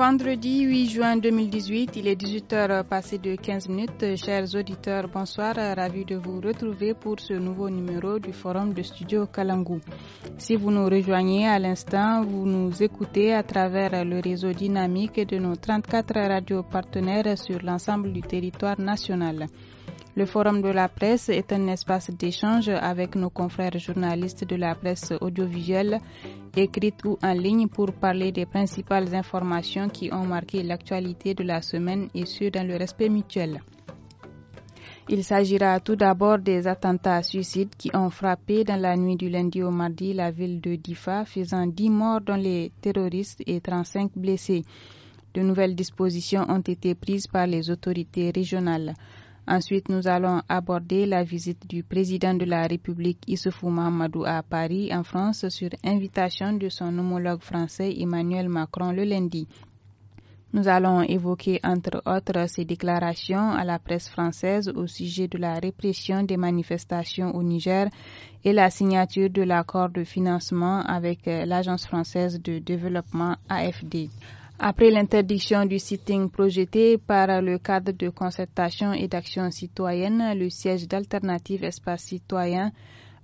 vendredi 8 juin 2018, il est 18h passé de 15 minutes. Chers auditeurs, bonsoir. Ravi de vous retrouver pour ce nouveau numéro du forum de studio Kalangu. Si vous nous rejoignez à l'instant, vous nous écoutez à travers le réseau dynamique de nos 34 radios partenaires sur l'ensemble du territoire national. Le Forum de la presse est un espace d'échange avec nos confrères journalistes de la presse audiovisuelle, écrite ou en ligne, pour parler des principales informations qui ont marqué l'actualité de la semaine et ce, dans le respect mutuel. Il s'agira tout d'abord des attentats suicides qui ont frappé dans la nuit du lundi au mardi la ville de Difa, faisant 10 morts dont les terroristes et 35 blessés. De nouvelles dispositions ont été prises par les autorités régionales. Ensuite, nous allons aborder la visite du président de la République Issoufou Mamadou à Paris, en France, sur invitation de son homologue français Emmanuel Macron le lundi. Nous allons évoquer entre autres ses déclarations à la presse française au sujet de la répression des manifestations au Niger et la signature de l'accord de financement avec euh, l'Agence française de développement AFD. Après l'interdiction du sitting projeté par le cadre de concertation et d'action citoyenne, le siège d'Alternative Espace Citoyen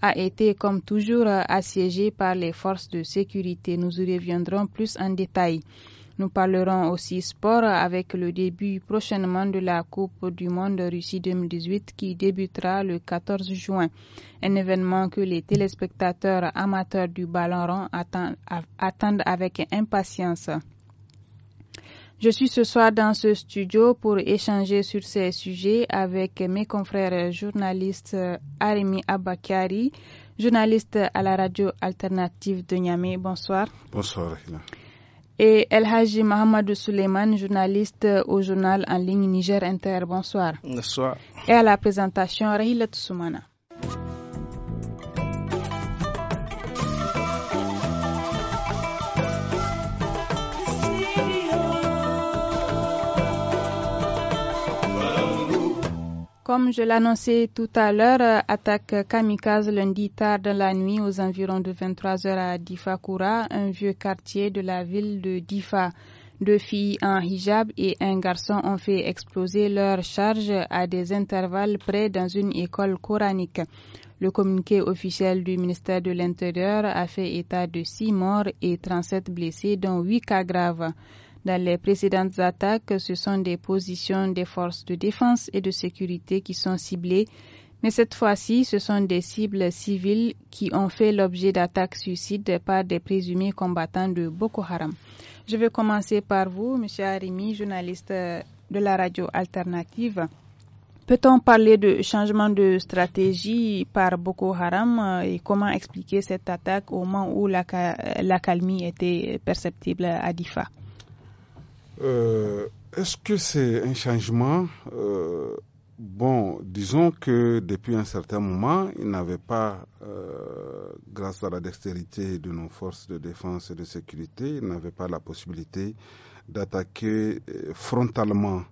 a été, comme toujours, assiégé par les forces de sécurité. Nous y reviendrons plus en détail. Nous parlerons aussi sport avec le début prochainement de la Coupe du Monde Russie 2018 qui débutera le 14 juin. Un événement que les téléspectateurs amateurs du ballon rond attendent avec impatience. Je suis ce soir dans ce studio pour échanger sur ces sujets avec mes confrères journalistes euh, Arimi Abakari, journaliste à la radio alternative de Niamey. Bonsoir. Bonsoir, Et El Haji Mohamed Suleiman, journaliste au journal en ligne Niger Inter. Bonsoir. Bonsoir. Et à la présentation, Rahila Tsoumana. Comme je l'annonçais tout à l'heure, euh, attaque kamikaze lundi tard dans la nuit aux environs de 23 heures à Difakura, un vieux quartier de la ville de Difa. Deux filles en hijab et un garçon ont fait exploser leur charge à des intervalles près dans une école coranique. Le communiqué officiel du ministère de l'Intérieur a fait état de six morts et 37 blessés, dont huit cas graves. Dans les précédentes attaques, ce sont des positions des forces de défense et de sécurité qui sont ciblées, mais cette fois-ci, ce sont des cibles civiles qui ont fait l'objet d'attaques suicides par des présumés combattants de Boko Haram. Je vais commencer par vous, M. Arimi, journaliste de la radio alternative. Peut-on parler de changement de stratégie par Boko Haram et comment expliquer cette attaque au moment où l'accalmie était perceptible à Difa? Euh, est-ce que c'est un changement euh, Bon, disons que depuis un certain moment, il n'avait pas, euh, grâce à la dextérité de nos forces de défense et de sécurité, il n'avait pas la possibilité d'attaquer frontalement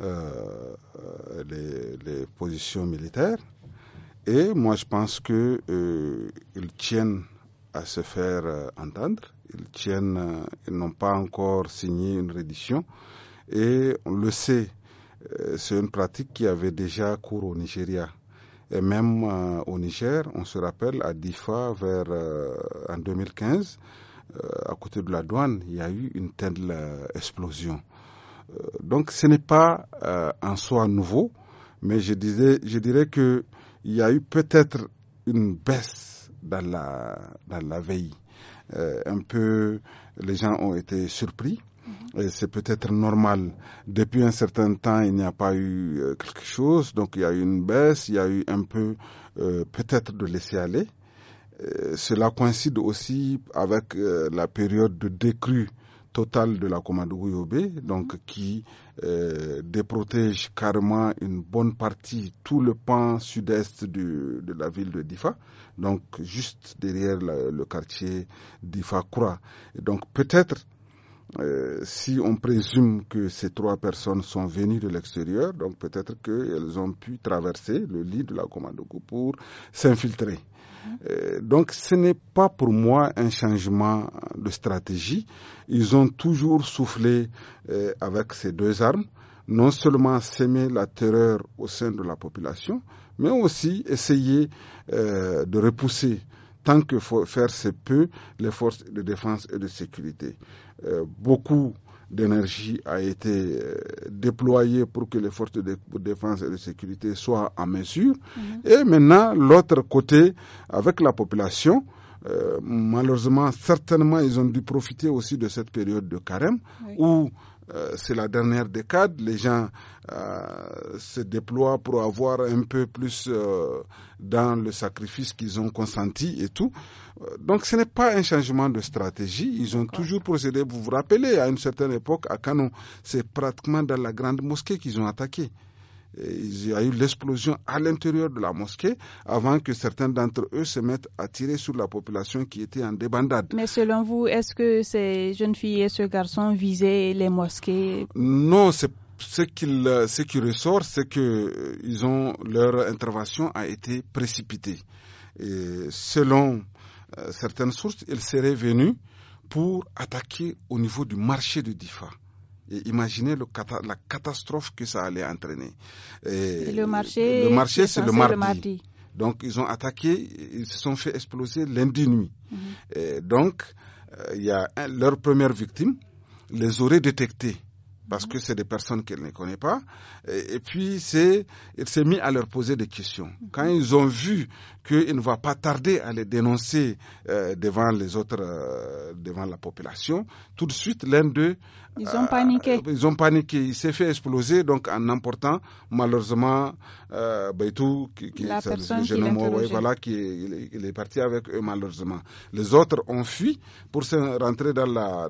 les, les, positions militaires. Et moi, je pense qu'ils tiennent à se faire euh, entendre. Ils tiennent, euh, ils n'ont pas encore signé une reddition. Et on le sait, euh, c'est une pratique qui avait déjà cours au Nigeria. Et même au Niger, on se rappelle à Difa vers en 2015, à côté de la douane, il y a eu une telle explosion. donc ce n'est pas en soi nouveau, mais je, disais, je dirais qu'il y a eu peut-être une baisse dans la, la veille. Euh, un peu, les gens ont été surpris. Mhm. Et c'est peut-être normal. Depuis un certain temps, il n'y a pas eu euh, quelque chose, donc il y a eu une baisse, il y a eu un peu euh, peut-être de laisser aller. cela coïncide aussi avec la période de décrue totale de la commande Ouyobé, donc mhm. qui déprotège carrément une bonne partie, tout le pan sud-est de, de, la ville de Difa donc juste derrière le quartier d'Ifakura. Donc peut-être euh, si on présume que ces trois personnes sont venues de l'extérieur, donc peut-être qu'elles ont pu traverser le lit de la coup pour s'infiltrer. Mmh. Euh, donc ce n'est pas pour moi un changement de stratégie. Ils ont toujours soufflé euh, avec ces deux armes non seulement s'aimer la terreur au sein de la population, mais aussi essayer euh, de repousser tant que faire se peut les forces de défense et de sécurité. Euh, beaucoup d'énergie a été euh, déployée pour que les forces de défense et de sécurité soient en mesure. Mm-hmm. Et maintenant, l'autre côté, avec la population, euh, malheureusement, certainement, ils ont dû profiter aussi de cette période de carême où euh, c'est la dernière décade. Les gens euh, se déploient pour avoir un peu plus euh, dans le sacrifice qu'ils ont consenti et tout. Donc ce n'est pas un changement de stratégie. Ils ont toujours procédé. Vous vous rappelez, à une certaine époque, à Canon, c'est pratiquement dans la grande mosquée qu'ils ont attaqué il y a eu l'explosion à l'intérieur de la mosquée avant que certains d'entre eux se mettent à tirer sur la population qui était en débandade. Mais selon vous, est-ce que ces jeunes filles et ce garçon visaient les mosquées Non, c'est ce ce qui ressort, c'est que euh, ils ont leur intervention a été précipitée. Et selon euh, certaines sources, ils seraient venus pour attaquer au niveau du marché de Difa imaginez le, la catastrophe que ça allait entraîner. le marché, le marché c'est le mardi. Donc ils ont attaqué, ils se sont fait exploser lundi nuit. Mhm. donc euh, il y a leur première victime les aurait détectés parce mhm. que c'est des personnes qu'elle ne connaît pas. Et, puis, c'est, il s'est mis à leur poser des questions. Mhm. Quand ils ont vu qu'il ne va pas tarder à les dénoncer euh, devant les autres, euh, devant la population, tout de suite, l'un d'eux ils ont paniqué. Euh, ils ont paniqué. Il s'est fait exploser donc en emportant malheureusement euh, qui, qui est le jeune homme, voilà, qui il est, parti avec eux malheureusement. Les autres ont fui pour se rentrer dans la,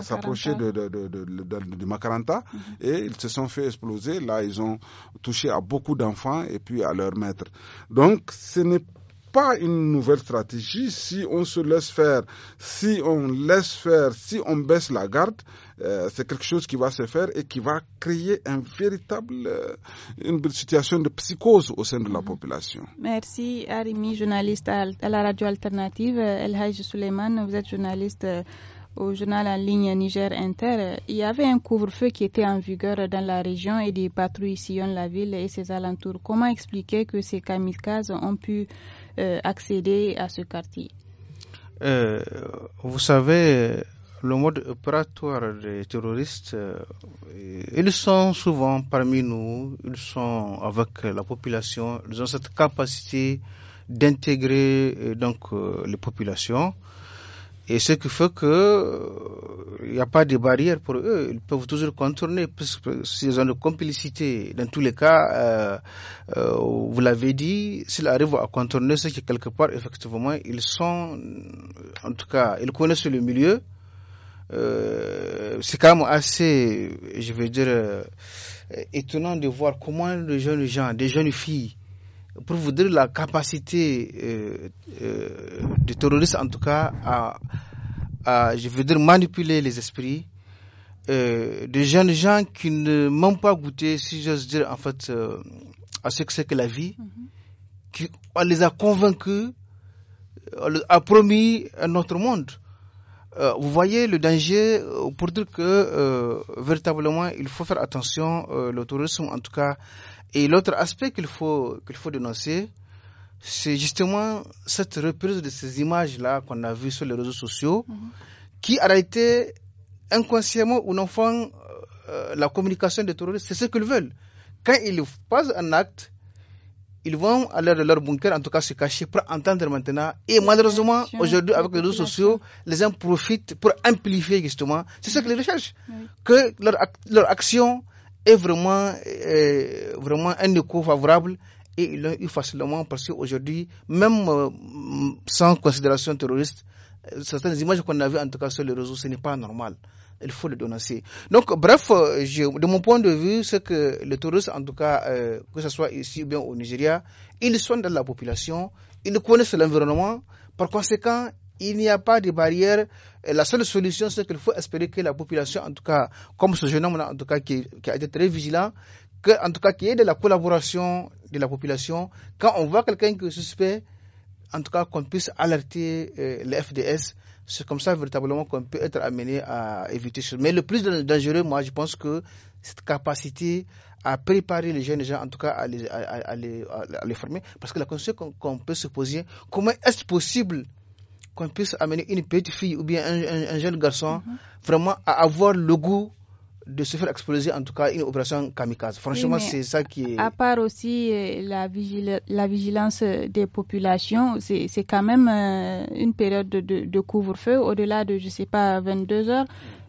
s'approcher de, de, de, de, de Macaranta mhm. et ils se sont fait exploser. Là, ils ont touché à beaucoup d'enfants et puis à leur maître. Donc, ce n'est pas une nouvelle stratégie si on se laisse faire, si on laisse faire, si on baisse la garde. Euh, c'est quelque chose qui va se faire et qui va créer un véritable, euh, une situation de psychose au sein de la mhm. population. Merci Arimi, journaliste à, la radio alternative. Euh, El Hajj Suleiman, vous êtes journaliste au journal en ligne Niger Inter, il y avait un couvre-feu qui était en vigueur dans la région et des patrouilles sillonnent la ville et ses alentours. Comment expliquer que ces kamikazes ont pu euh, accéder à ce quartier euh, Vous savez, le mode opératoire des terroristes, euh, ils sont souvent parmi nous, ils sont avec la population, ils ont cette capacité d'intégrer donc les populations. Et ce qui fait que il euh, n'y a pas de barrière pour eux. Ils peuvent toujours contourner, puisque s'ils ont de complicité, dans tous les cas, euh, euh, vous l'avez dit, s'ils arrivent à contourner, ce que quelque part, effectivement, ils sont, en tout cas, ils connaissent le milieu. c'est quand même assez, je veux dire, étonnant de voir comment les jeunes gens, des jeunes filles, pour vous dire la capacité euh, terroristes en tout cas à à, je veux dire, manipuler les esprits euh, de jeunes gens qui ne m'ont pas goûté, si j'ose dire, en fait, euh, à ce que c'est que la vie, mhm. qui, on les a convaincus, euh, on a promis un autre monde. Euh, vous voyez le danger euh, pour dire que véritablement il faut faire attention le tourisme en tout cas et l'autre aspect qu'il faut qu'il faut dénoncer c'est justement cette reprise de ces images-là qu'on a vues sur les réseaux sociaux mhm. qui, a été inconsciemment ou non font euh, euh, la communication des terroristes. C'est ce qu'ils veulent. Quand ils passent un acte, ils vont aller de leur bunker, en tout cas se cacher pour entendre maintenant. Et malheureusement, aujourd'hui, avec les réseaux sociaux, les gens profitent pour amplifier justement. C'est ce que mhm. recherchent. recherches. Que leur, leur action est vraiment, est vraiment un écho favorable et ils l'ont eu facilement parce qu'aujourd'hui, même euh, sans considération terroriste, euh, certaines images qu'on a en tout cas sur les réseaux, ce n'est pas normal. Il faut le dénoncer. Donc, bref, euh, de mon point de vue, c'est que les touristes, en tout cas, que ce soit ici ou bien au Nigeria, ils sont dans la population, ils connaissent l'environnement. Par conséquent, il n'y a pas de barrière. La seule solution, c'est qu'il faut espérer que la population, en tout cas, comme ce jeune homme-là, en tout cas, qui, a été très vigilant, que, en tout cas, qu'il y ait de la collaboration de la population. Quand on voit quelqu'un qui est suspect, en tout cas, qu'on puisse alerter euh, les FDS. C'est comme ça véritablement qu'on peut être amené à éviter ce Mais le plus dangereux, moi, je pense que cette capacité à préparer les jeunes gens, en tout cas à les, à, à, les, à les, former, parce que la question qu'on peut se poser, comment est-ce possible qu'on puisse amener une petite fille ou bien un, un, jeune garçon mm-hmm. vraiment à avoir le goût de se faire exploser, en tout cas, une opération kamikaze. Franchement, c'est ça qui est. À part aussi euh, la, vigilance des populations, c'est quand même euh, une période de, couvre-feu. Au-delà de, je ne sais pas, 22 heures,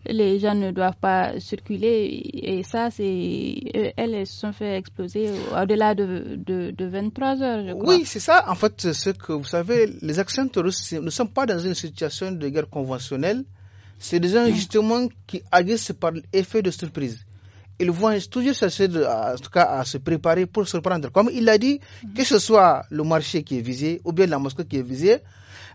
les gens ne doivent pas circuler. Et ça, c'est. Elles se sont fait exploser au-delà de, 23 heures, je crois. Oui, c'est ça. En fait, ce que vous savez, les actions terroristes ne sont pas dans une situation de guerre conventionnelle c'est des gens justement qui agissent par l'effet de surprise. Ils vont toujours chercher en tout cas, à se préparer pour surprendre. Comme il l'a dit, que ce soit le marché qui est visé ou bien la mosquée qui est visée,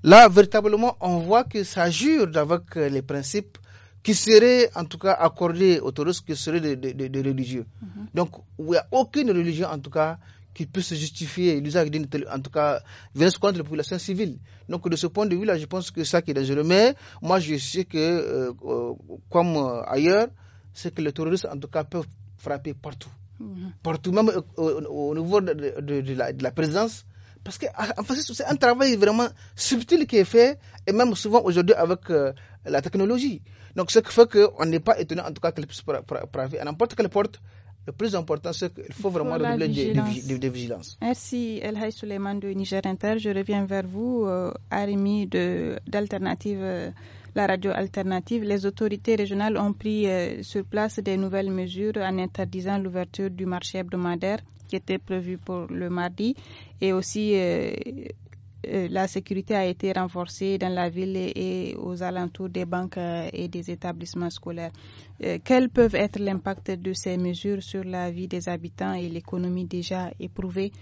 là, véritablement, on voit que ça jure avec euh, les principes qui seraient en tout cas accordés aux touristes qui seraient des de, religieux. Mhm. Donc, il n'y a aucune religion en tout cas qui peut se justifier l'usage d'une telle, en tout cas, violence contre la population civile. Donc, de ce point de vue-là, je pense que ça qui est dangereux. Mais moi, je sais que, euh, euh, comme euh, ailleurs, c'est que les terroristes, en tout cas, peuvent frapper partout. Mhm. Partout, même au, niveau de, la, présence. Parce que, en fait, c'est un travail vraiment subtil qui est fait, et même souvent aujourd'hui avec la technologie. Donc, ce qui fait qu'on n'est pas étonné, en tout cas, qu'elle puisse frapper à n'importe quelle porte le plus important, c'est qu'il faut, vraiment redoubler vigilance. De, vigilance. Merci, El Haï Suleiman de Niger Inter. Je reviens vers vous, euh, Arimi d'Alternative. Euh, la radio alternative, les autorités régionales ont pris euh, sur place des nouvelles mesures en interdisant l'ouverture du marché hebdomadaire qui était prévu pour le mardi et aussi euh, la sécurité a été renforcée dans la ville et, aux alentours des banques euh, et des établissements scolaires. Euh, quels peuvent être l'impact de ces mesures sur la vie des habitants et l'économie déjà éprouvée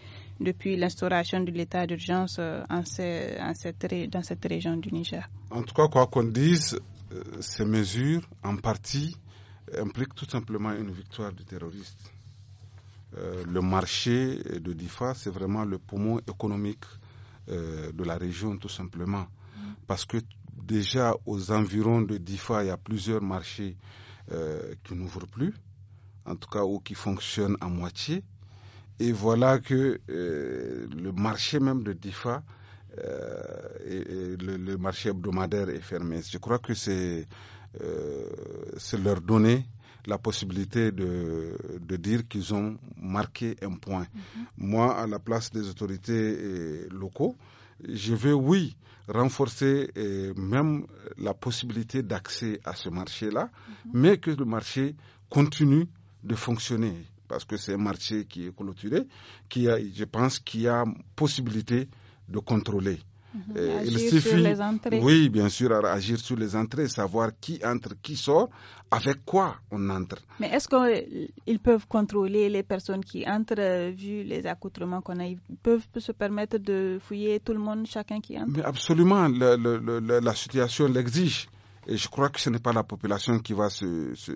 depuis l'instauration de l'état d'urgence cette, dans cette région du Niger En tout cas, quoi qu'on dise, ces mesures, en partie, impliquent tout simplement une victoire du terroriste. le marché de DIFA, c'est vraiment le poumon économique euh, de la région, tout simplement. Parce que déjà aux environs de Difa, il y a plusieurs marchés euh, qui n'ouvrent plus, en tout cas, ou qui fonctionnent à moitié. Et voilà que euh, le marché même de Difa, et, le, marché hebdomadaire est fermé. Je crois que c'est leur donner la possibilité de, de dire qu'ils ont marqué un point. Mhm. Moi, à la place des autorités euh, locaux, je veux, oui, renforcer euh, même la possibilité d'accès à ce marché-là, mhm. mais que le marché continue de fonctionner, parce que c'est un marché qui est clôturé, qui a, je pense, qui a possibilité de contrôler. Mhm. Euh, il suffit, oui, bien sûr, à agir sur les entrées, savoir qui entre, qui sort, avec quoi on entre. Mais est-ce qu'ils euh, peuvent contrôler les personnes qui entrent, euh, vu les accoutrements qu'on a Ils peuvent se permettre de fouiller tout le monde, chacun qui entre Mais Absolument, la situation l'exige. Et je crois que ce n'est pas la population qui va se, se,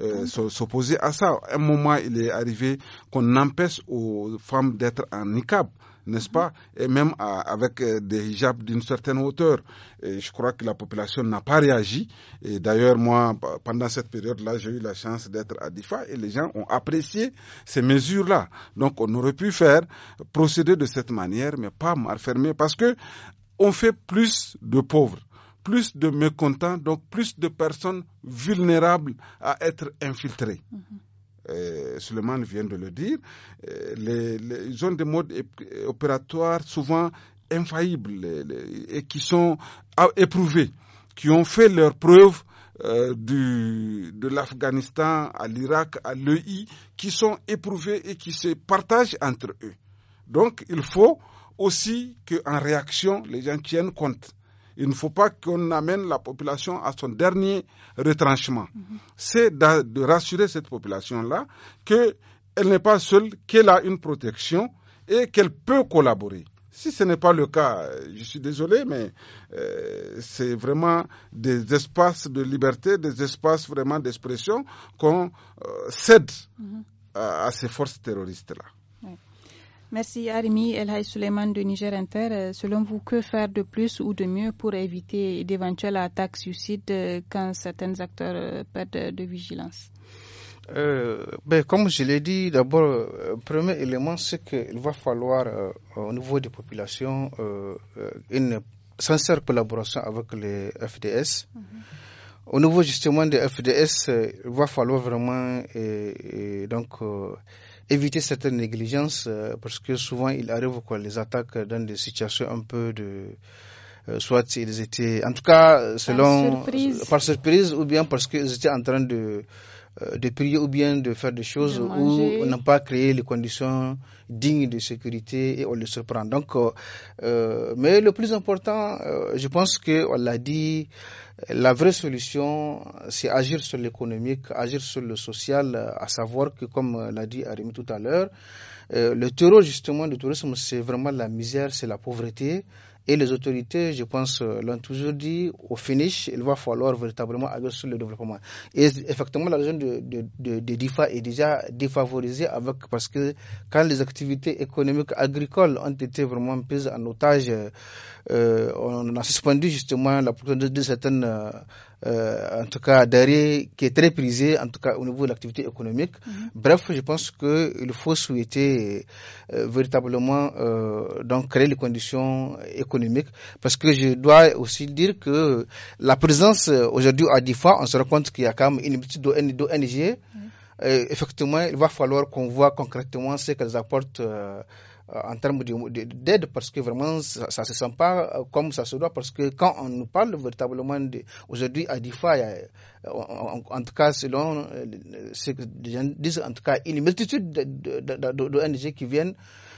euh, à ça. À un moment, il est arrivé qu'on empêche aux femmes d'être en niqab n'est-ce pas mm-hmm. Et même avec euh, des hijabs d'une certaine hauteur. Et je crois que la population n'a pas réagi. Et d'ailleurs, moi, pendant cette période-là, j'ai eu la chance d'être à Difa et les gens ont apprécié ces mesures-là. Donc, on aurait pu faire procéder de cette manière, mais pas mal parce que on fait plus de pauvres plus de mécontents, donc plus de personnes vulnérables à être infiltrées. Mhm. euh, Suleiman vient de le dire, euh, les, les, zones de mode opératoire souvent infaillibles et qui sont éprouvées, qui ont fait leurs preuves euh, du, de l'Afghanistan à l'Irak, à l'EI, qui sont éprouvés et qui se partagent entre eux. Donc il faut aussi qu'en réaction, les gens tiennent compte il ne faut pas qu'on amène la population à son dernier retranchement. C'est de, rassurer cette population-là qu'elle n'est pas seule, qu'elle a une protection et qu'elle peut collaborer. Si ce n'est pas le cas, je suis désolé, mais euh, c'est vraiment des espaces de liberté, des espaces vraiment d'expression qu'on euh, cède mm-hmm. à ces forces terroristes-là. Merci Arimi Elhaï Suleiman de Niger Inter. Euh, selon vous, que faire de plus ou de mieux pour éviter d'éventuelles attaques suicides euh, quand certains acteurs euh, perdent de vigilance ben, Comme je l'ai dit, d'abord, le premier élément, c'est qu'il va falloir au niveau des populations une sincère collaboration avec les FDS. Mhm. Au niveau justement des FDS, il va falloir vraiment donc éviter certaines négligences euh, parce que souvent il arrive quoi les attaques dans des situations un peu de euh, soit ils étaient en tout cas euh, selon par surprise, par surprise ou bien parce qu'ils étaient en train de euh, de prier ou bien de faire des choses où on n'a pas créé les conditions dignes de sécurité et on le surprend. Donc, euh, euh, mais le plus important, euh, je pense que on l'a dit, la vraie solution, c'est agir sur l'économique, agir sur le social, à savoir que, comme l'a dit Arim tout à l'heure, le terreau justement du tourisme, c'est vraiment la misère, c'est la pauvreté. Et les autorités, je pense, euh, l'ont toujours dit, au finish, il va falloir véritablement agir sur le développement. Et effectivement, la région de, de, de, DIFA est déjà défavorisée avec, parce que quand les activités économiques agricoles ont été vraiment prises en otage, euh, on a suspendu justement la production de, certaines euh, euh, en tout cas d'arrêt qui est très prisé, en tout cas au niveau de l'activité économique. Mm-hmm. Bref, je pense qu'il faut souhaiter euh, véritablement euh, donc créer les conditions économiques, parce que je dois aussi dire que la présence aujourd'hui à fois on se rend compte qu'il y a quand même une petite ONG. Mm-hmm. effectivement, il va falloir qu'on voit concrètement ce qu'elles apportent euh, en termes d'aide parce que vraiment ça, ça, se sent pas euh, comme ça se doit parce que quand on nous parle véritablement aujourd'hui à DIFA, euh, en, tout cas selon ce que les gens disent, en tout cas il y a une multitude d'ONG qui viennent.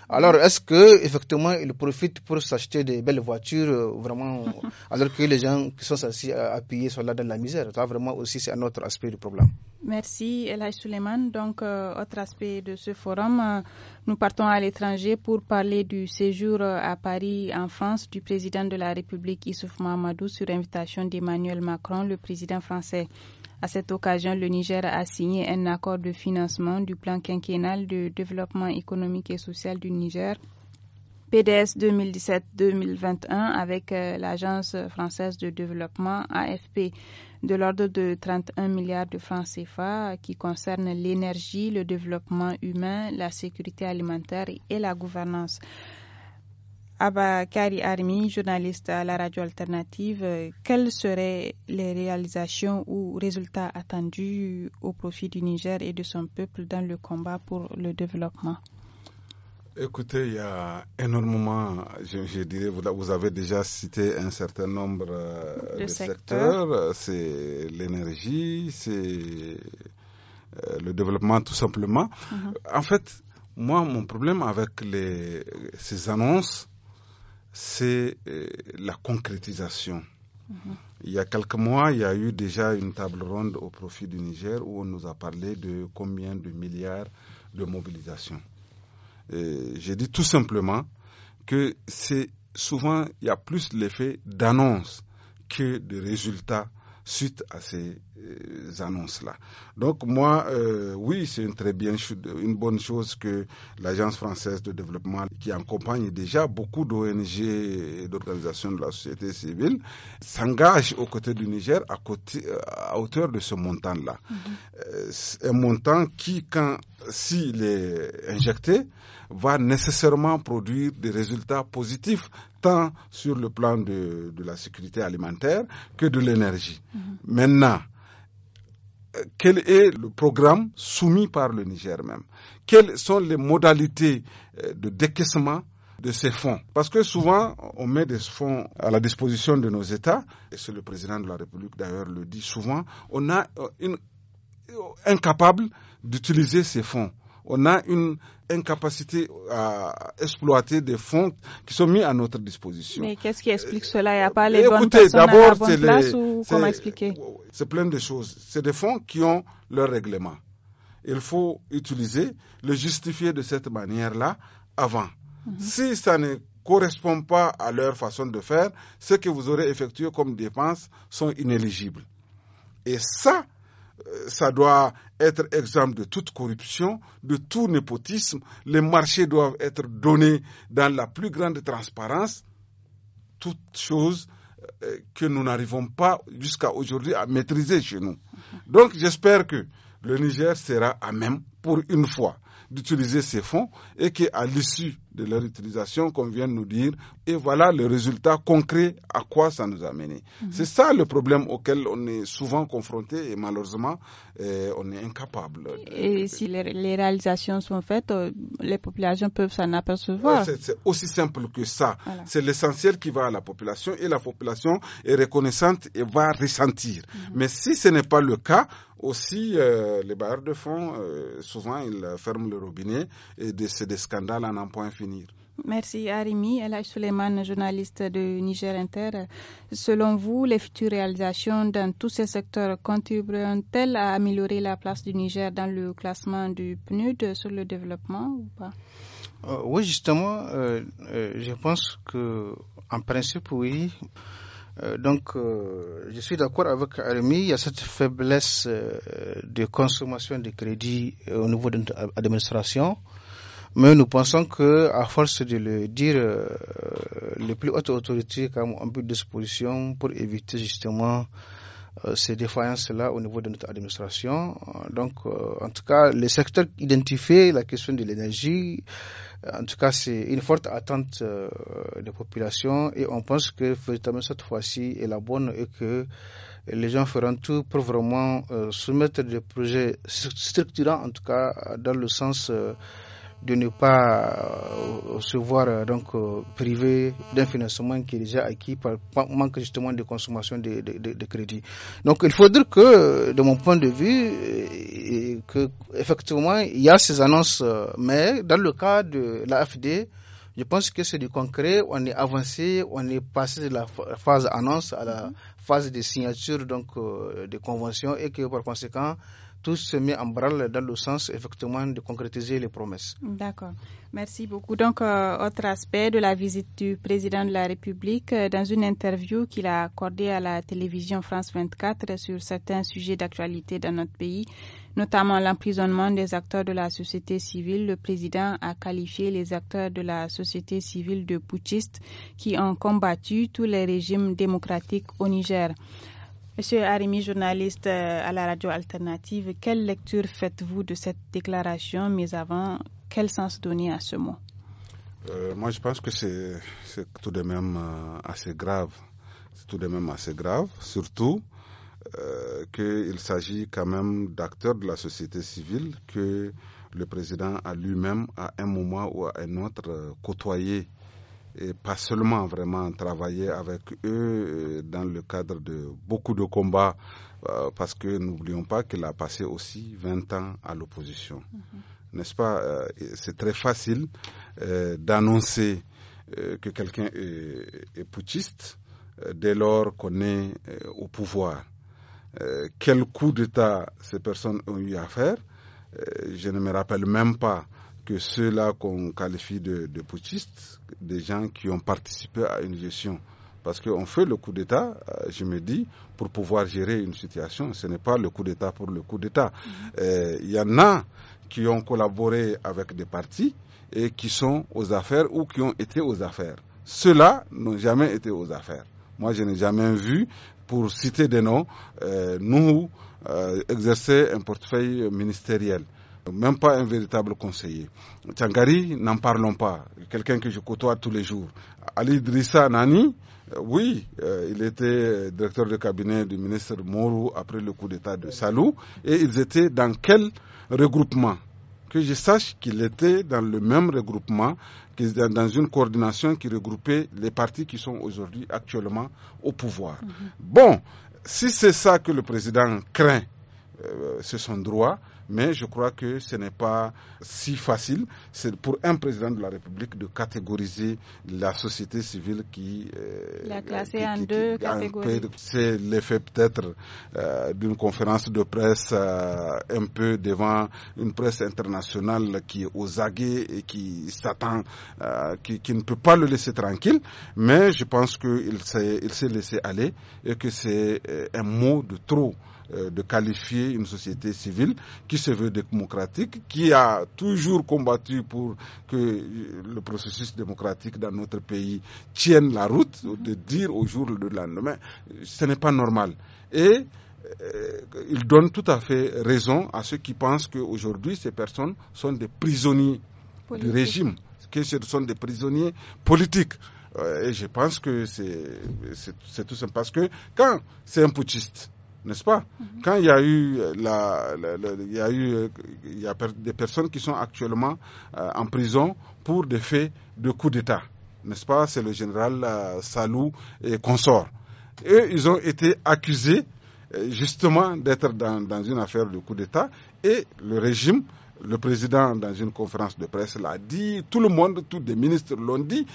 Alors est-ce que effectivement ils profitent pour s'acheter des belles voitures vraiment alors que les gens qui sont assis à, à payer sont là dans la misère Ça vraiment aussi c'est un autre aspect du problème. Merci Elaï Suleiman. Donc, euh, autre aspect de ce forum, euh, nous partons à l'étranger pour parler du séjour euh, à Paris en France du président de la République Issouf Mahamadou sur invitation d'Emmanuel Macron, le président français. À cette occasion, le Niger a signé un accord de financement du plan quinquennal de développement économique et social du Niger PDS 2017-2021 avec euh, l'Agence française de développement AFP de l'ordre de 31 milliards de francs CFA qui concernent l'énergie, le développement humain, la sécurité alimentaire et la gouvernance. Abba Kari Armi, journaliste à la radio alternative, euh, quelles seraient les réalisations ou résultats attendus au profit du Niger et de son peuple dans le combat pour le développement Écoutez, il y a énormément, je, dirais, vous, avez déjà cité un certain nombre euh, de, secteurs. C'est l'énergie, c'est euh, le développement tout simplement. Mhm. En fait, moi, mon problème avec ces annonces, c'est euh, la concrétisation. Mhm. Il y a quelques mois, il y a eu déjà une table ronde au profit du Niger où on nous a parlé de combien de milliards de mobilisation j'ai dit tout simplement que c'est souvent, il y a plus l'effet d'annonce que de résultat suite à ces euh, annonces-là. Donc moi, euh, oui, c'est une très bien, une bonne chose que l'Agence française de développement, qui accompagne déjà beaucoup d'ONG et d'organisations de la société civile, s'engage aux côtés du Niger à, hauteur de ce montant-là. Mm-hmm. Euh, un montant qui, quand s'il est injecté, va nécessairement produire des résultats positifs tant sur le plan de, la sécurité alimentaire que de l'énergie. Mm-hmm. Maintenant, quel est le programme soumis par le Niger même Quelles sont les modalités euh, de décaissement de ces fonds. Parce que souvent, on met des fonds à la disposition de nos États, et c'est le président de la République d'ailleurs le dit souvent, on a euh, euh, incapable d'utiliser ces fonds on a une incapacité à exploiter des fonds qui sont mis à notre disposition. Mais qu'est-ce qui explique cela Il n'y a pas euh, les bonnes personnes à la bonne place ou comment expliquer C'est plein de choses. C'est des fonds qui ont leur règlement. Il faut utiliser, le justifier de cette manière-là avant. Mhm. Si ça ne correspond pas à leur façon de faire, ce que vous aurez effectué comme dépenses sont inéligibles. Et ça, ça doit être exemple de toute corruption, de tout népotisme. Les marchés doivent être donnés dans la plus grande transparence. Toutes choses euh, que nous n'arrivons pas jusqu'à aujourd'hui à maîtriser chez nous. Donc j'espère que le Niger sera à même, pour une fois, d'utiliser ces fonds et qu'à l'issue de leur utilisation qu'on vient de nous dire. Et voilà le résultat concret à quoi ça nous a mené. Mhm. C'est ça le problème auquel on est souvent confronté et malheureusement, eh, on est incapable. Et si les, réalisations sont faites, euh, les populations peuvent s'en apercevoir. c'est aussi simple que ça. C'est l'essentiel qui va à la population et la population est reconnaissante et va ressentir. Mhm. Mais si ce n'est pas le cas, aussi, euh, les bailleurs de fonds, euh, souvent, ils ferment le robinet et c'est des scandales en un point fini. Merci Arimi. El Suleiman, journaliste de Niger Inter. Selon vous, les futures réalisations dans tous ces secteurs contribueront-elles à améliorer la place du Niger dans le classement du PNUD sur le développement ou pas euh, Oui, justement, euh, euh, je pense que en principe, oui. Donc, je suis d'accord avec Arimi, il y a cette faiblesse de consommation de crédit au niveau de l'administration. Mais nous pensons que, à force de le dire, euh, les plus hautes autorités ont peu de disposition pour éviter justement euh, ces défaillances-là au niveau de notre administration. Euh, donc, en tout cas, les secteurs identifiés, la question de l'énergie, en tout cas, c'est une forte attente des populations et on pense que cette fois-ci est la bonne et que les gens feront tout pour vraiment soumettre des projets structurants, en tout cas, dans le sens de ne pas euh, se voir euh, donc euh, privé d'un financement qui est déjà acquis par manque justement de consommation de, de, crédit. Donc il dire que, de mon point de vue, que effectivement il y a ces annonces, mais dans le cas de l'AFD, je pense que c'est du concret, on est avancé, on est passé de la phase annonce à la mm-hmm. phase de signature donc de convention et que par conséquent tout se met en branle dans le sens effectivement de concrétiser les promesses. D'accord. Merci beaucoup. Donc, euh, autre aspect de la visite du président de la République, euh, dans une interview qu'il a accordée à la télévision France 24 sur certains sujets d'actualité dans notre pays, notamment l'emprisonnement des acteurs de la société civile, le président a qualifié les acteurs de la société civile de putschistes qui ont combattu tous les régimes démocratiques au Niger. Monsieur Arimi, journaliste euh, à la radio alternative, quelle lecture faites-vous de cette déclaration, mais avant, quel sens donner à ce mot euh, Moi, je pense que c'est tout de même euh, assez grave. C'est tout de même assez grave, surtout qu'il s'agit quand même d'acteurs de la société civile que le président a lui-même, à un moment ou à un autre, côtoyé et pas seulement vraiment travailler avec eux euh, dans le cadre de beaucoup de combats, euh, parce que n'oublions pas qu'il a passé aussi 20 ans à l'opposition. Mhm. N'est-ce pas euh, C'est très facile d'annoncer que quelqu'un est, putiste dès lors qu'on est au pouvoir. quel coup d'État ces personnes ont eu à faire, je ne me rappelle même pas que ceux-là qu'on qualifie de, de putschistes, des gens qui ont participé à une gestion. Parce qu'on fait le coup d'État, euh, je me dis, pour pouvoir gérer une situation, ce n'est pas le coup d'État pour le coup d'État. Mm-hmm. Euh, il y en a qui ont collaboré avec des partis et qui sont aux affaires ou qui ont été aux affaires. Ceux-là n'ont jamais été aux affaires. Moi, je n'ai jamais vu, pour citer des noms, euh, nous exercer un portefeuille ministériel même pas un véritable conseiller. Tchangari, n'en parlons pas, quelqu'un que je côtoie tous les jours. Ali Drissa Nani, euh, oui, euh, il était directeur de cabinet du ministre Moro après le coup d'État de Salou, et ils étaient dans quel regroupement que je sache qu'il était dans le même regroupement, dans une coordination qui regroupait les partis qui sont aujourd'hui actuellement au pouvoir. Mm-hmm. Bon, si c'est ça que le président craint, euh, c'est son droit, mais je crois que ce n'est pas si facile. C'est pour un président de la République de catégoriser la société civile qui euh, la classer en deux catégories. C'est l'effet peut-être euh, d'une conférence de presse un peu devant une presse internationale qui est aux aguets et qui s'attend, qui, ne peut pas le laisser tranquille. Mais je pense qu'il s'est laissé aller et que c'est un mot de trop. Euh, de qualifier une société civile qui se veut démocratique, qui a toujours combattu pour que euh, le processus démocratique dans notre pays tienne la route, de dire au jour le lendemain, euh, ce n'est pas normal. Et il donne tout à fait raison à ceux qui pensent qu'aujourd'hui, ces personnes sont des prisonniers du régime, que ce sont des prisonniers politiques. et je pense que c'est tout simple. Parce que quand c'est un putschiste, n'est-ce pas mhm. Quand il y a eu, des personnes qui sont actuellement euh, en prison pour des faits de coup d'État, n'est-ce pas C'est le général euh, Salou et consort. Eux, ils ont été accusés euh, justement d'être dans, dans, une affaire de coup d'État et le régime le président, dans une conférence de presse, l'a dit, tout le monde, tous les ministres l'ont dit,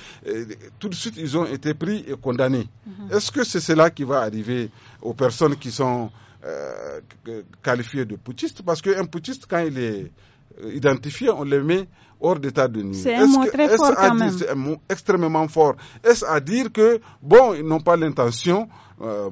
tout de suite, ils ont été pris et condamnés. Mhm. Est-ce que c'est cela qui va arriver aux personnes qui sont euh, qualifiées de putschistes Parce qu'un putschiste, quand il est euh, identifié, on le met hors d'état de nuit. C'est un mot très fort quand même. C'est un mot extrêmement fort. Est-ce à dire que, bon, ils n'ont pas l'intention... Euh,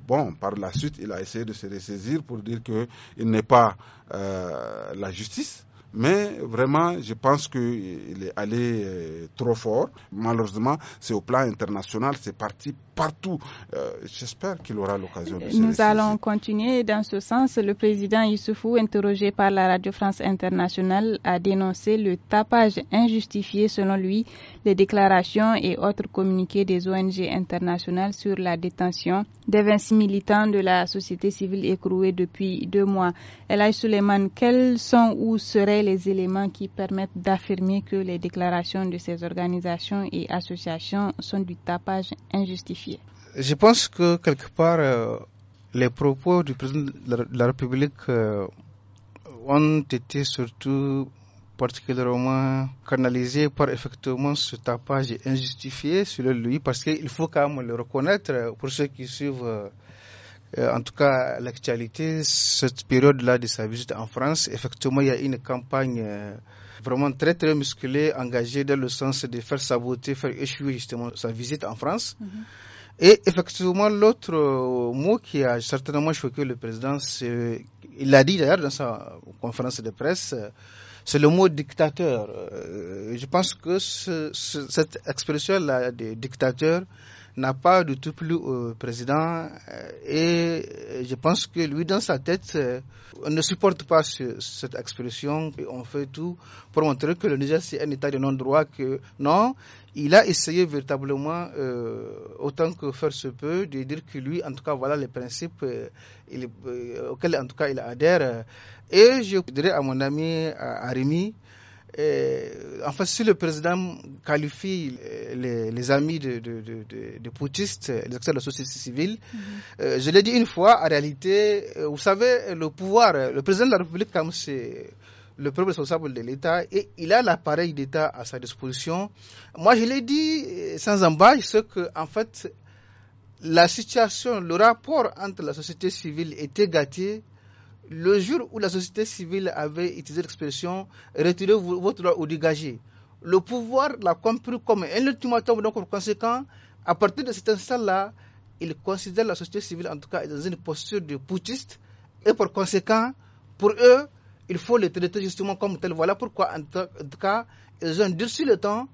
bon, par la suite, il a essayé de se ressaisir pour dire qu'il n'est pas euh, la justice. Mais vraiment, je pense qu'il est allé euh, trop fort. Malheureusement, c'est au plan international, c'est parti partout. Euh, j'espère qu'il aura l'occasion de se Nous allons continuer dans ce sens. Le président Issoufou, interrogé par la Radio France Internationale, a dénoncé le tapage injustifié, selon lui, des déclarations et autres communiqués des ONG internationales sur la détention des 26 militants de la société civile écroués depuis deux mois. Elaï Suleiman, quels sont ou seraient les éléments qui permettent d'affirmer que les déclarations de ces organisations et associations sont du tapage injustifié je pense que quelque part, euh, les propos du président de la République euh, ont été surtout particulièrement canalisés par effectivement ce tapage injustifié sur lui parce qu'il faut quand même le reconnaître euh, pour ceux qui suivent en tout cas l'actualité cette période-là de sa visite en France effectivement il y a une campagne vraiment très très musclée engagée dans le sens de faire saboter faire échouer justement sa visite en France mm-hmm. Et effectivement, l'autre euh, mot qui a certainement choqué le président, il l'a dit d'ailleurs dans sa conférence de presse, euh, c'est le mot dictateur. Euh, je pense que cette expression-là de dictateur n'a pas du tout plus au président euh, et euh, je pense que lui, dans sa tête, euh, ne supporte pas cette expression « et on fait tout pour montrer que le Niger, c'est un état de non-droit, que non, il a essayé véritablement, autant que faire se peut, de dire que lui, en tout cas, voilà les principes auxquels, en tout cas, il adhère. Et je dirais à mon ami Arimi euh, en fait, si le président qualifie euh, les, amis de, de, de, de les acteurs de la société civile, mhm. euh, je l'ai dit une fois, en réalité, vous savez, le pouvoir, le président de la République, comme c'est le premier responsable de l'État, et il a l'appareil d'État à sa disposition. Moi, je l'ai dit sans embâche, c'est que, en fait, la situation, le rapport entre la société civile était gâté le jour où la société civile avait utilisé l'expression retirez votre droit ou dégagez, le pouvoir l'a compris comme un ultimatum, donc par conséquent, à partir de cet instant-là, il considère la société civile, en tout cas, dans une posture de putiste, et pour conséquent, pour eux, il faut les traiter justement comme tel. Voilà pourquoi, en tout cas, ils ont durci le temps.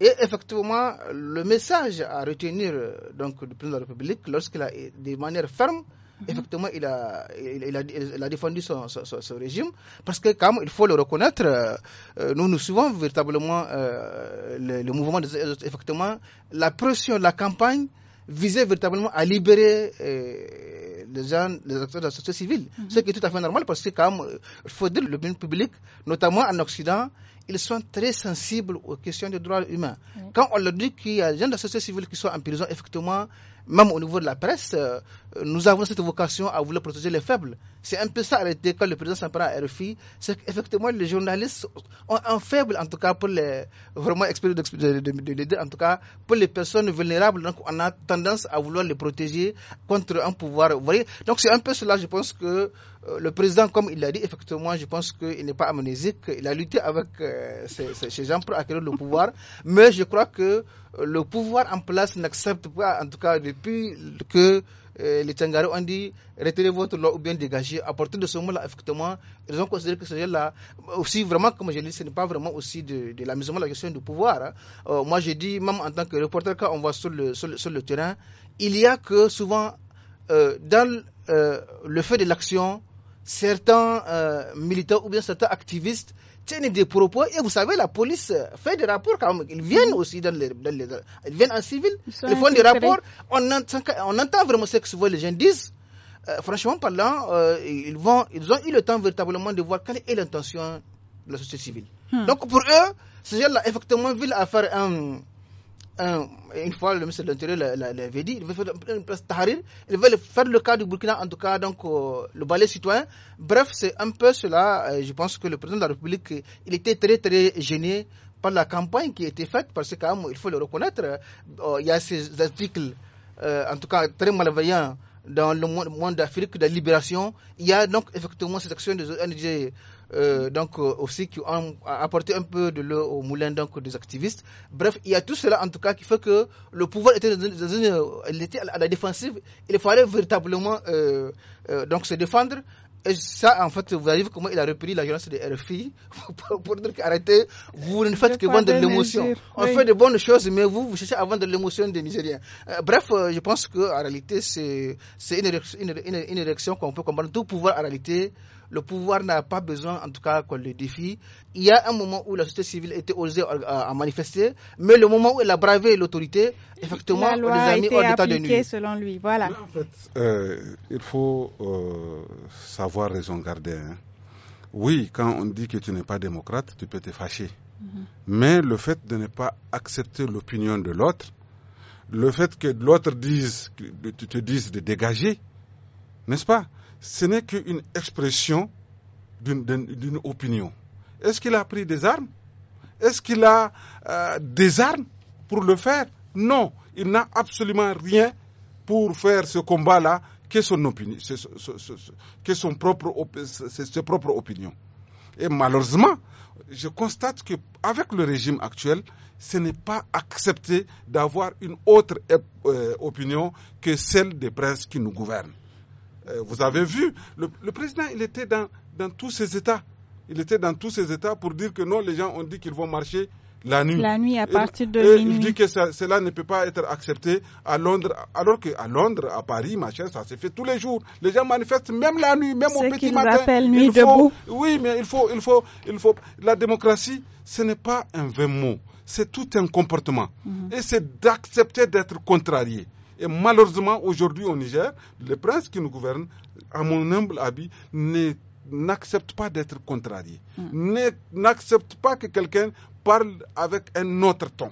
Et effectivement, le message à retenir euh, donc, du président de la République, lorsqu'il a, euh, de manière ferme, Mhm. Effectivement, il a, il, a, défendu son, son, régime parce que, quand il faut le reconnaître, euh, nous nous suivons véritablement euh, le, mouvement des Effectivement, la pression, la campagne visait véritablement à libérer euh, les gens, les acteurs de la société civile. Mhm. Ce qui est tout à fait normal parce que, comme il faut dire, l'opinion public notamment en Occident, ils sont très sensibles aux questions des droits humains. Quand on leur dit qu'il y a des gens de la société civile qui sont en prison, effectivement, même au niveau de la presse, euh, nous avons cette vocation à vouloir protéger les faibles. C'est un peu ça, arrêté quand le président s'en à RFI, c'est qu'effectivement, les journalistes ont un faible, en tout cas, pour les vraiment experts en tout cas, pour les personnes vulnérables. Donc, on a tendance à vouloir les protéger contre un pouvoir. Vous voyez Donc, c'est un peu cela, je pense que euh, le président, comme il l'a dit, effectivement, je pense qu'il n'est pas amnésique. Il a lutté avec euh, ces gens pour acquérir le pouvoir. Mais je crois que euh, le pouvoir en place n'accepte pas, en tout cas, depuis que eh, les Tchangarés ont dit retirez votre loi ou bien dégagez. À partir de ce moment-là, effectivement, ils ont considéré que ce là aussi vraiment, comme je l'ai dit, ce n'est pas vraiment aussi de, de l'amusement, la question du pouvoir. Hein. Euh, moi, je dis, même en tant que reporter, quand on va sur le, terrain, il y a que souvent, euh, dans euh, le fait de l'action, certains militants ou bien certains activistes tiennent des propos et vous savez la police fait des rapports quand même. Ils viennent mm-hmm. aussi dans les, ils viennent en civil, ils, font des rapports. On entend, on entend vraiment ce que souvent les gens disent. Euh, franchement parlant, euh, ils vont, ils ont eu le temps véritablement de voir quelle est l'intention de la société civile. Hmm. Donc pour eux, ces gens-là effectivement à faire un une fois le ministre de l'Intérieur l'avait dit, il veut faire une place Tahrir, il veut faire le cas du Burkina, en tout cas, donc le balai citoyen. Bref, c'est un peu cela. Euh, je pense que le président de la République, euh, il était très très gêné par la campagne qui a été faite, parce qu'il faut le reconnaître, euh, il y a ces articles, en tout cas très malveillants, dans le monde d'Afrique de la libération, il y a donc effectivement cette action des ONG euh, donc euh, aussi qui ont apporté un peu de l'eau au moulin donc des activistes. Bref, il y a tout cela en tout cas qui fait que le pouvoir était, dans à la défensive. Il fallait véritablement euh, euh, donc se défendre. Et ça, en fait, vous avez comment il a repris la violence de RFI pour, dire qu'arrêtez, vous ne faites que vendre de l'émotion. On fait de bonnes choses, mais vous, vous cherchez à vendre de l'émotion des Nigériens. Euh, bref, je pense qu'en réalité, c'est une, une, une érection qu'on peut comprendre. Tout pouvoir, en réalité, le pouvoir n'a pas besoin, en tout cas, qu'on le défie. Il y a un moment où la société civile était osée à, manifester, mais le moment où elle a bravé l'autorité, effectivement, les a, mis hors d'état de nuit. selon lui, voilà. en fait, euh, il faut euh, savoir raison garder. Hein. Oui, quand on dit que tu n'es pas démocrate, tu peux te fâcher. Mm-hmm. Mais le fait de ne pas accepter l'opinion de l'autre, le fait que l'autre dise, que tu te dises de dégager, n'est-ce pas ce n'est qu'une expression d'une opinion. Est-ce qu'il a pris des armes Est-ce qu'il a euh, des armes pour le faire Non, il n'a absolument rien pour faire ce combat-là que son opinion, propre, opinion. Et malheureusement, je constate que avec le régime actuel, ce n'est pas accepté d'avoir une autre euh, opinion que celle des princes qui nous gouvernent. Euh, vous avez vu, le, président, il était dans, dans tous ses États. Il était dans tous ses États pour dire que non, les gens ont dit qu'ils vont marcher la nuit. La nuit à partir de minuit. Il dit que cela ne peut pas être accepté à Londres, alors qu'à Londres, à Paris, machin, ça s'est fait tous les jours. Les gens manifestent même la nuit, même au petit matin. Appellent nuit faut, debout. Oui, mais il faut, il faut, il faut. La démocratie, ce n'est pas un vain mot. C'est tout un comportement. Mhm. Et c'est d'accepter d'être contrarié. Et malheureusement, aujourd'hui au Niger, le prince qui nous gouverne, à mon humble avis, n'accepte pas d'être contrarié, hmm. n'acceptent n'accepte pas que quelqu'un parle avec un autre ton.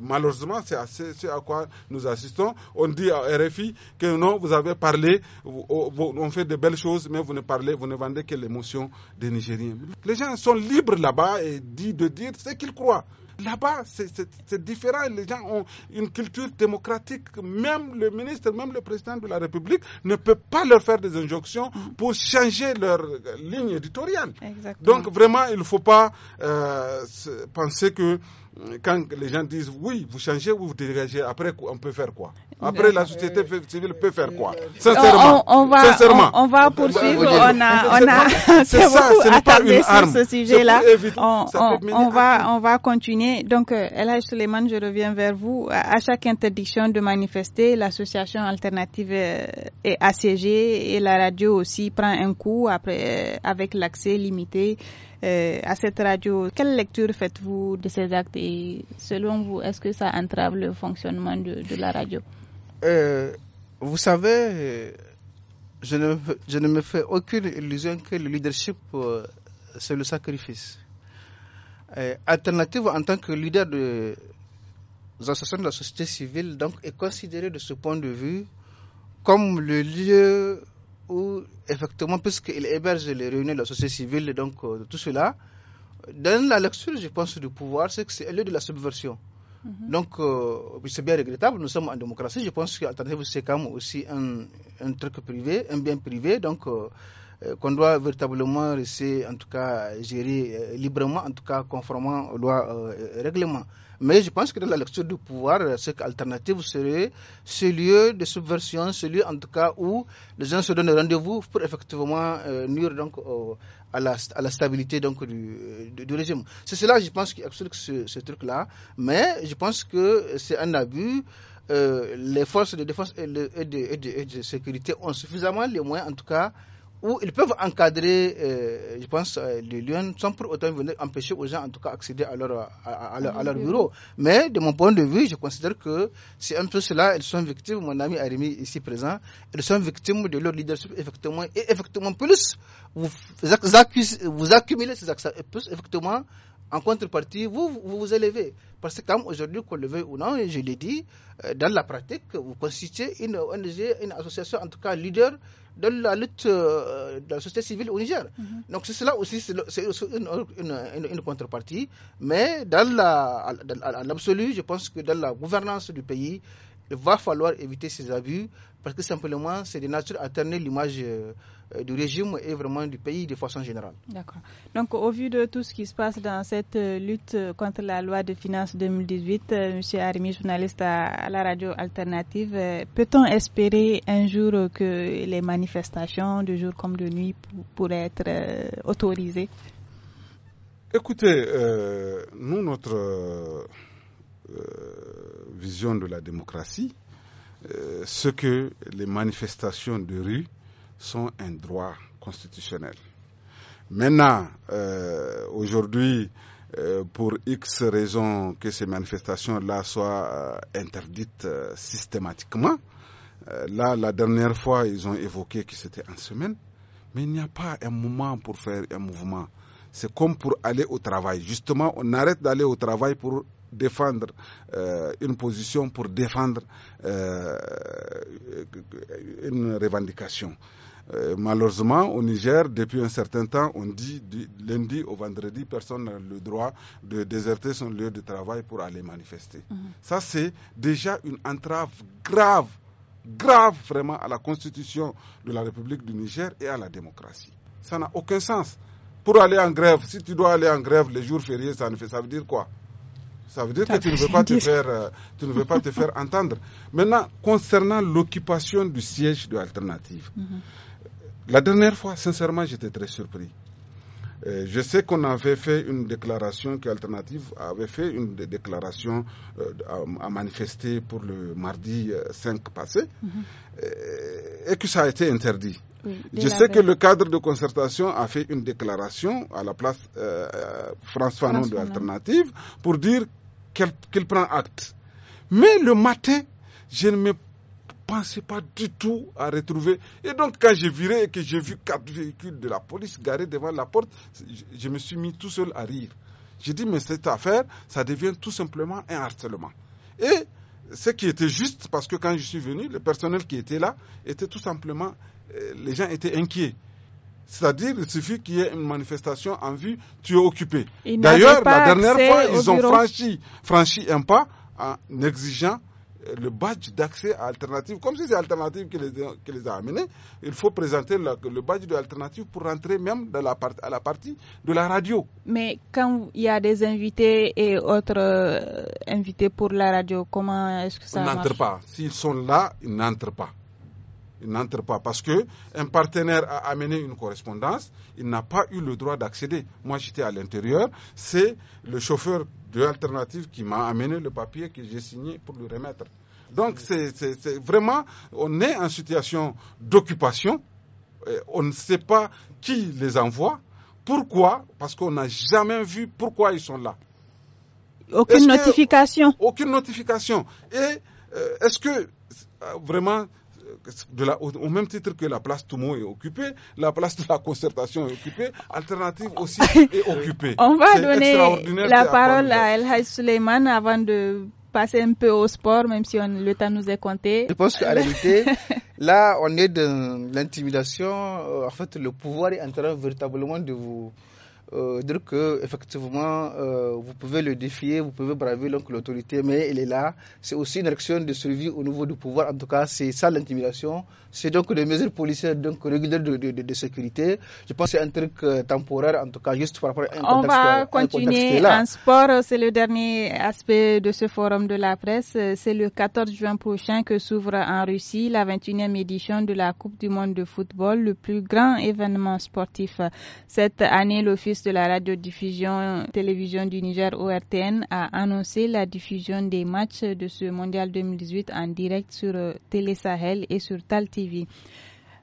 Malheureusement, c'est à, quoi nous assistons. On dit à RFI que non, vous avez parlé, oh, on fait de belles choses, mais vous ne parlez, vous ne vendez que l'émotion des Nigériens. Les gens sont libres là-bas et dit de dire ce qu'ils croient. Là-bas, c'est différent. Les gens ont une culture démocratique. Même le ministre, même le président de la République ne peut pas leur faire des injonctions mm-hmm. pour changer leur euh, ligne éditoriale. Donc vraiment, il ne faut pas euh, penser que quand les gens disent oui, vous changez ou vous dégagez, après on peut faire quoi Après la euh, société civile peut faire quoi euh, Sincèrement. On, va, On, va bah, poursuivre. Bah, on a, bah, on a, c'est ça, ce ce sujet-là. On, va, on va continuer. Donc, euh, Elhaj Suleiman, je reviens vers vous. À, chaque interdiction de manifester, l'association alternative est assiégée et la radio aussi prend un coup après, avec l'accès limité. Euh, à cette radio. Quelle lecture faites-vous de ces actes et selon vous, est-ce que ça entrave le fonctionnement de, la radio euh, Vous savez, je ne, me fais aucune illusion que le leadership, euh, c'est le sacrifice. alternative en tant que leader de, des associations de la société civile donc, est considéré de ce point de vue comme le lieu où, effectivement, puisqu'il héberge les réunions de la société civile, donc euh, de tout cela, dans la lecture, je pense, du pouvoir, c'est que c'est lieu de la subversion. Mhm. Donc, euh, c'est bien regrettable, nous sommes en démocratie, je pense que c'est quand même aussi un, un, truc privé, un bien privé, donc euh, euh, qu'on doit véritablement rester, en tout cas, gérer euh, librement, en tout cas, conformément aux lois euh, et règlements. Mais je pense que dans la lecture du pouvoir, cette alternative serait ce lieu de subversion, ce lieu en tout cas où les gens se donnent rendez-vous pour effectivement nuire donc à, la, à, la, stabilité donc du, du, régime. C'est cela, je pense, qui explique ce, ce truc-là. Mais je pense que c'est un abus. les forces de défense de, et de sécurité ont suffisamment les moyens, en tout cas, où ils peuvent encadrer, euh, je pense, euh, les lieux sans pour autant venir empêcher aux gens, en tout cas, accéder euh, à leur, à, leur, bureau. Mais de mon point de vue, je considère que c'est un peu cela, elles sont victimes, mon ami Arimi ici présent, elles sont victimes de leur leadership, effectivement, et effectivement, plus vous, vous accumulez ces accès, plus effectivement, en contrepartie, vous, vous vous élevez. Parce que comme aujourd'hui, qu'on le veuille ou non, je l'ai dit, euh, dans la pratique, vous constituez une ONG, une association, en tout cas leader de la lutte euh, de la société civile au Niger. Mhm. Donc c'est cela aussi, c'est une, contrepartie. Mais dans l'absolu, je pense que dans la gouvernance du pays, il va falloir éviter ces abus parce que simplement, c'est de nature à terner l'image euh, du régime et vraiment du pays de façon générale. D'accord. Donc, au vu de tout ce qui se passe dans cette euh, lutte euh, contre la loi de finances 2018, monsieur Arimi, journaliste à la radio alternative, peut-on espérer un jour que les manifestations de jour comme de nuit pourraient être autorisées Écoutez, nous, notre euh, vision de la démocratie, euh, ce que les manifestations de rue sont un droit constitutionnel. Maintenant, euh, aujourd'hui, euh, pour X raisons que ces manifestations-là soient interdites systématiquement, là, la dernière fois, ils ont évoqué que c'était en semaine, mais il n'y a pas un moment pour faire un mouvement. C'est comme pour aller au travail. Justement, on arrête d'aller au travail pour défendre euh, une position pour défendre euh, une revendication. Euh, malheureusement, au Niger, depuis un certain temps, on dit du lundi au vendredi, personne n'a le droit de déserter son lieu de travail pour aller manifester. Mhm. Ça, c'est déjà une entrave grave, grave vraiment à la constitution de la République du Niger et à la démocratie. Ça n'a aucun sens. Pour aller en grève, si tu dois aller en grève les jours fériés, ça ne fait, ça veut dire quoi ça veut dire que euh, tu ne veux pas te faire, tu ne veux pas te faire entendre. Maintenant, concernant l'occupation du siège de Alternative, mhm. la dernière fois, sincèrement, j'étais très surpris. Euh, je sais qu'on avait fait une déclaration, que Alternative avait fait une déclaration euh, à, manifester pour le mardi 5 passé, mhm. et que ça a été interdit. je sais que le cadre de concertation a fait une déclaration à la place euh, France de Alternative pour dire qu'elle prend acte. Mais le matin, je ne me pensais pas du tout à retrouver. Et donc, quand j'ai viré et que j'ai vu quatre véhicules de la police garés devant la porte, je, me suis mis tout seul à rire. J'ai dit, mais cette affaire, ça devient tout simplement un harcèlement. Et ce qui était juste, parce que quand je suis venu, le personnel qui était là était tout simplement. Euh, les gens étaient inquiets. C'est-à-dire, il suffit qu'il y ait une manifestation en vue, tu es occupé. D'ailleurs, la dernière fois, ils ont franchi, un pas en exigeant euh, le badge d'accès à Alternative. Comme si c'est Alternative qui les, a amenés, il faut présenter le badge de Alternative pour rentrer même dans à la partie de la radio. Mais quand il y a des invités et autres euh, invités pour la radio, comment est-ce que ça marche Ils n'entrent pas. S'ils sont là, ils n'entrent pas il n'entre pas parce que partenaire a amené une correspondance, il n'a pas eu le droit d'accéder. Moi, j'étais à l'intérieur, c'est le chauffeur de l'alternative qui m'a amené le papier que j'ai signé pour le remettre. Donc, c'est vraiment, on est en situation d'occupation. On ne sait pas qui les envoie. Pourquoi Parce qu'on n'a jamais vu pourquoi ils sont là. Aucune notification. aucune notification. Et euh, est-ce que euh, vraiment au, même titre que la place Toumo est occupée, la place de la concertation est occupée, alternative aussi est occupée. On va donner la parole à El Haj Suleiman avant de passer un peu au sport, même si on, le temps nous est compté. Je pense qu'en réalité, là, on est dans l'intimidation. Euh, en fait, le pouvoir est en train véritablement de vous euh, dire que effectivement euh, vous pouvez le défier, vous pouvez braver l'autorité, mais elle est là. C'est aussi une action de survie au niveau du pouvoir. En tout cas, c'est ça l'intimidation. C'est donc des mesures policières donc régulières de, sécurité. Je pense que c'est un truc euh, temporaire, en tout cas juste par rapport à un On là. On va continuer en sport. C'est le dernier aspect de ce forum de la presse. C'est le 14 juin prochain que s'ouvre en Russie la 21e édition de la Coupe du monde de football, le plus grand événement sportif cette année. L'office de la radiodiffusion télévision du Niger ORTN a annoncé la diffusion des matchs de ce mondial 2018 en direct sur euh, Télé Sahel et sur Tal TV.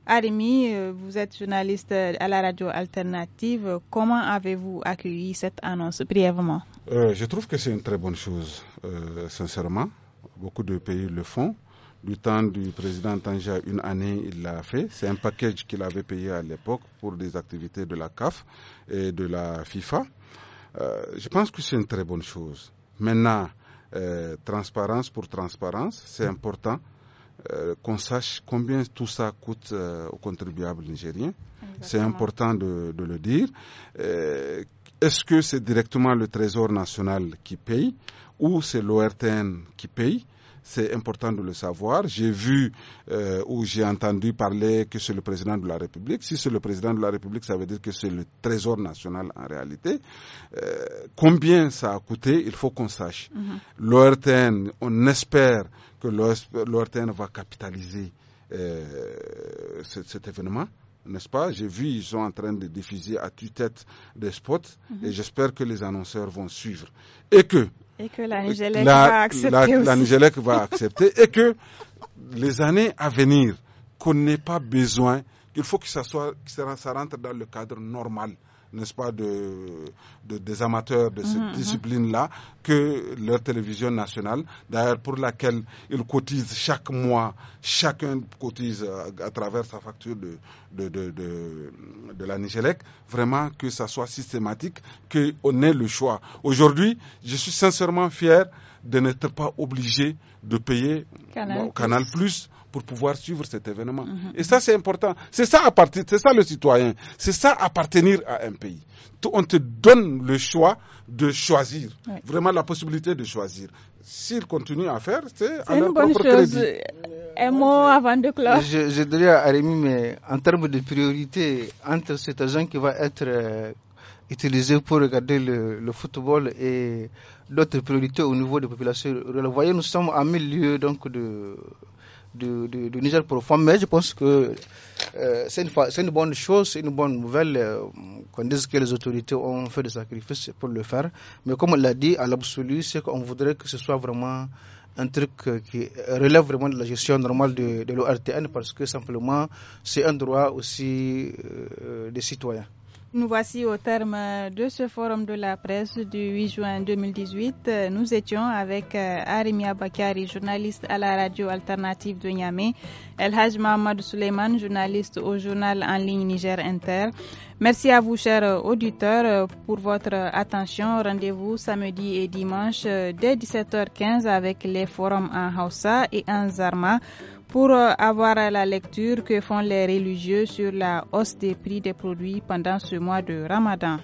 Arimi, euh, vous êtes journaliste à la radio alternative. Comment avez-vous accueilli cette annonce brièvement euh, Je trouve que c'est une très bonne chose, sincèrement. Beaucoup de pays le font du temps du président Tanja, une année, il l'a fait. C'est un package qu'il avait payé à l'époque pour des activités de la CAF et de la FIFA. Euh, je pense que c'est une très bonne chose. Maintenant, euh, transparence pour transparence, c'est important euh, qu'on sache combien tout ça coûte euh, aux contribuables nigériens. C'est important de, de, le dire. Euh, est-ce que c'est directement le Trésor national qui paye ou c'est l'ORTN qui paye c'est important de le savoir. J'ai vu euh, ou j'ai entendu parler que c'est le président de la République. Si c'est le président de la République, ça veut dire que c'est le trésor national en réalité. Euh, combien ça a coûté, il faut qu'on sache. Mhm. L'ORTN, on espère que l'ORTN va capitaliser euh, cet, événement n'est-ce pas J'ai vu, ils sont en train de diffuser à tue-tête des spots mhm. et j'espère que les annonceurs vont suivre. Et que, et que la Nigélec va accepter. va accepter et que les années à venir, qu'on n'ait pas besoin, il faut que ça, soit, que ça rentre dans le cadre normal n'est-ce pas, de, des amateurs de cette mhm, mhm. discipline-là que leur télévision nationale, d'ailleurs pour laquelle ils cotisent chaque mois, chacun cotise euh, à, travers sa facture de, la Nigelec vraiment que ça soit systématique, qu'on ait le choix. Aujourd'hui, je suis sincèrement fier de n'être pas obligé de payer au Canal Plus pour pouvoir suivre cet événement. Mhm. Et ça, c'est important. C'est ça, c'est ça le citoyen. C'est ça appartenir à un pays. On te donne le choix de choisir, vraiment la possibilité de choisir. S'ils continuent à faire, c'est leur une bonne chose. Un mot avant de clore. Je, je dirais à Rémi, mais en termes de priorité, entre cet agent qui va être euh, utilisé pour regarder le, le football et d'autres priorités au niveau des populations. Vous voyez, nous sommes à milieu donc de du, du, du, Niger profond, mais je pense que euh, c'est une, bonne chose, c'est une bonne nouvelle quand euh, qu'on dise que les autorités ont fait des sacrifices pour le faire. Mais comme on l'a dit, à l'absolu, c'est qu'on voudrait que ce soit vraiment un truc euh, qui relève vraiment de la gestion normale de, l'ORTN parce que simplement c'est un droit aussi des citoyens. Nous voici au terme de ce forum de la presse du 8 juin 2018. Nous étions avec euh, Arimia Bakari, journaliste à la radio alternative de Niamey, El Haj Mohamed Suleiman, journaliste au journal en ligne Niger Inter. Merci à vous, chers auditeurs, pour votre attention. Rendez-vous samedi et dimanche euh, dès 17h15 avec les forums en Hausa et en Zarma pour euh, avoir la lecture que font les religieux sur la hausse des prix des produits pendant ce mois de Ramadan.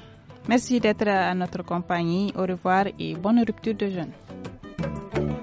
Merci d'être à notre compagnie. Au revoir et bonne rupture de jeûne.